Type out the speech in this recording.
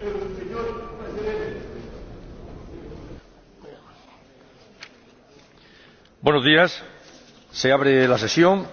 pero el Señor va a ser él. Buenos días. Se abre la sesión.